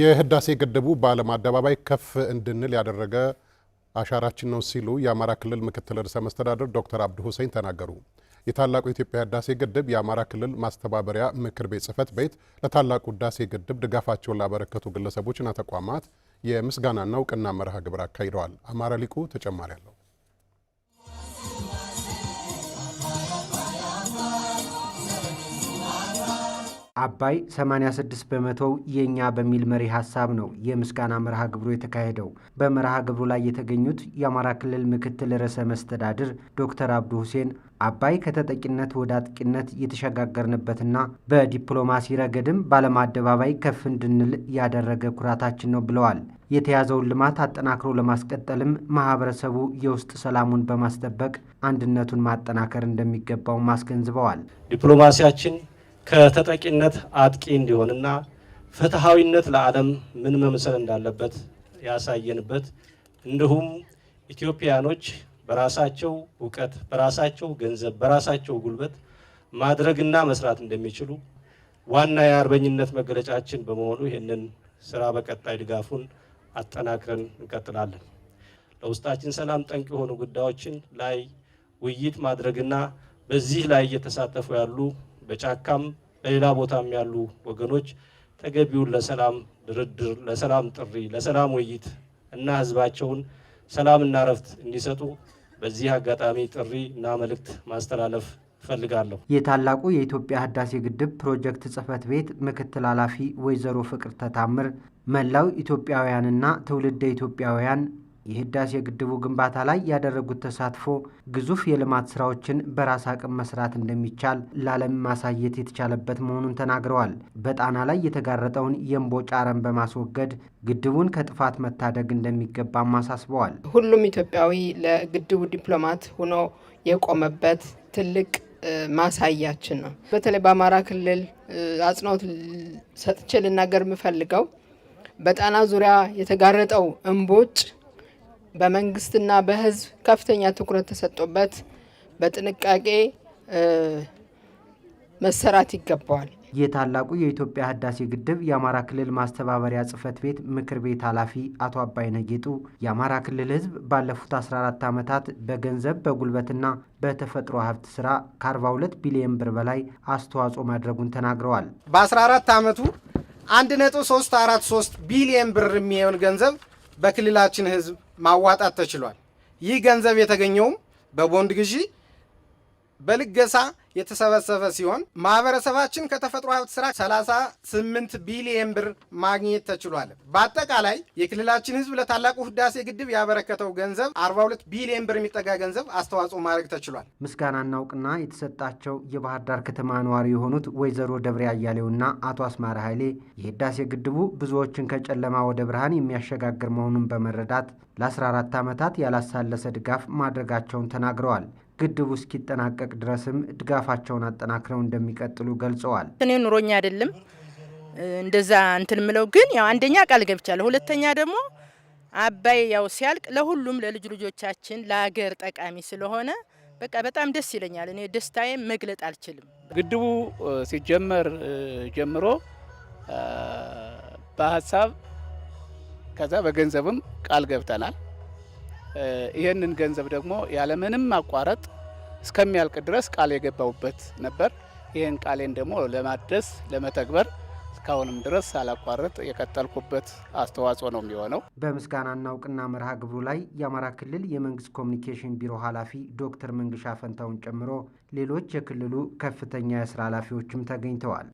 የህዳሴ ግድቡ በዓለም አደባባይ ከፍ እንድንል ያደረገ አሻራችን ነው ሲሉ የአማራ ክልል ምክትል ርዕሰ መስተዳደር ዶክተር አብዱ ሁሴን ተናገሩ። የታላቁ የኢትዮጵያ ህዳሴ ግድብ የአማራ ክልል ማስተባበሪያ ምክር ቤት ጽህፈት ቤት ለታላቁ ህዳሴ ግድብ ድጋፋቸውን ላበረከቱ ግለሰቦችና ተቋማት የምስጋናና እውቅና መርሃ ግብር አካሂደዋል። አማራ ሊቁ ተጨማሪ አለው። አባይ 86 በመቶው የእኛ በሚል መሪ ሀሳብ ነው የምስጋና መርሃ ግብሩ የተካሄደው። በመርሃ ግብሩ ላይ የተገኙት የአማራ ክልል ምክትል ርዕሰ መስተዳድር ዶክተር አብዱ ሁሴን አባይ ከተጠቂነት ወደ አጥቂነት የተሸጋገርንበትና በዲፕሎማሲ ረገድም በዓለም አደባባይ ከፍ እንድንል ያደረገ ኩራታችን ነው ብለዋል። የተያዘውን ልማት አጠናክሮ ለማስቀጠልም ማህበረሰቡ የውስጥ ሰላሙን በማስጠበቅ አንድነቱን ማጠናከር እንደሚገባውም አስገንዝበዋል። ዲፕሎማሲያችን ከተጠቂነት አጥቂ እንዲሆንና ፍትሐዊነት ለዓለም ምን መምሰል እንዳለበት ያሳየንበት እንዲሁም ኢትዮጵያኖች በራሳቸው እውቀት፣ በራሳቸው ገንዘብ፣ በራሳቸው ጉልበት ማድረግና መስራት እንደሚችሉ ዋና የአርበኝነት መገለጫችን በመሆኑ ይህንን ስራ በቀጣይ ድጋፉን አጠናክረን እንቀጥላለን። ለውስጣችን ሰላም ጠንቅ የሆኑ ጉዳዮችን ላይ ውይይት ማድረግና በዚህ ላይ እየተሳተፉ ያሉ በጫካም በሌላ ቦታም ያሉ ወገኖች ተገቢውን ለሰላም ድርድር፣ ለሰላም ጥሪ፣ ለሰላም ውይይት እና ህዝባቸውን ሰላምና እረፍት እንዲሰጡ በዚህ አጋጣሚ ጥሪ እና መልእክት ማስተላለፍ ፈልጋለሁ። የታላቁ የኢትዮጵያ ህዳሴ ግድብ ፕሮጀክት ጽህፈት ቤት ምክትል ኃላፊ ወይዘሮ ፍቅር ተታምር መላው ኢትዮጵያውያንና ትውልደ ኢትዮጵያውያን የህዳሴ ግድቡ ግንባታ ላይ ያደረጉት ተሳትፎ ግዙፍ የልማት ስራዎችን በራስ አቅም መስራት እንደሚቻል ለዓለም ማሳየት የተቻለበት መሆኑን ተናግረዋል። በጣና ላይ የተጋረጠውን የእምቦጭ አረም በማስወገድ ግድቡን ከጥፋት መታደግ እንደሚገባም አሳስበዋል። ሁሉም ኢትዮጵያዊ ለግድቡ ዲፕሎማት ሆኖ የቆመበት ትልቅ ማሳያችን ነው። በተለይ በአማራ ክልል አጽንኦት ሰጥቼ ልናገር የምፈልገው በጣና ዙሪያ የተጋረጠው እምቦጭ በመንግስትና በህዝብ ከፍተኛ ትኩረት ተሰጥቶበት በጥንቃቄ መሰራት ይገባዋል። የታላቁ የኢትዮጵያ ህዳሴ ግድብ የአማራ ክልል ማስተባበሪያ ጽህፈት ቤት ምክር ቤት ኃላፊ አቶ አባይነህ ጌጡ የአማራ ክልል ህዝብ ባለፉት 14 ዓመታት በገንዘብ በጉልበትና በተፈጥሮ ሀብት ስራ ከ42 ቢሊዮን ብር በላይ አስተዋጽኦ ማድረጉን ተናግረዋል። በ14 ዓመቱ 1.343 ቢሊዮን ብር የሚሆን ገንዘብ በክልላችን ህዝብ ማዋጣት ተችሏል። ይህ ገንዘብ የተገኘውም በቦንድ ግዢ፣ በልገሳ የተሰበሰበ ሲሆን ማህበረሰባችን ከተፈጥሮ ሀብት ስራ 38 ቢሊየን ብር ማግኘት ተችሏል። በአጠቃላይ የክልላችን ህዝብ ለታላቁ ህዳሴ ግድብ ያበረከተው ገንዘብ 42 ቢሊየን ብር የሚጠጋ ገንዘብ አስተዋጽኦ ማድረግ ተችሏል። ምስጋና እናውቅና የተሰጣቸው የባህር ዳር ከተማ ነዋሪ የሆኑት ወይዘሮ ደብሬ አያሌውና አቶ አስማረ ኃይሌ የህዳሴ ግድቡ ብዙዎችን ከጨለማ ወደ ብርሃን የሚያሸጋግር መሆኑን በመረዳት ለ14 ዓመታት ያላሳለሰ ድጋፍ ማድረጋቸውን ተናግረዋል። ግድቡ እስኪጠናቀቅ ድረስም ድጋፋቸውን አጠናክረው እንደሚቀጥሉ ገልጸዋል። እኔ ኑሮኛ አይደለም እንደዛ እንትን ምለው ግን ያው አንደኛ ቃል ገብቻለሁ፣ ሁለተኛ ደግሞ አባይ ያው ሲያልቅ ለሁሉም ለልጅ ልጆቻችን ለሀገር ጠቃሚ ስለሆነ በቃ በጣም ደስ ይለኛል። እኔ ደስታዬ መግለጥ አልችልም። ግድቡ ሲጀመር ጀምሮ በሀሳብ ከዛ በገንዘብም ቃል ገብተናል። ይህንን ገንዘብ ደግሞ ያለምንም ማቋረጥ እስከሚያልቅ ድረስ ቃል የገባውበት ነበር። ይህን ቃሌን ደግሞ ለማደስ ለመተግበር እስካሁንም ድረስ ሳላቋርጥ የቀጠልኩበት አስተዋጽኦ ነው የሚሆነው። በምስጋናና እውቅና መርሃ ግብሩ ላይ የአማራ ክልል የመንግስት ኮሚኒኬሽን ቢሮ ኃላፊ ዶክተር መንግሻ ፈንታውን ጨምሮ ሌሎች የክልሉ ከፍተኛ የስራ ኃላፊዎችም ተገኝተዋል።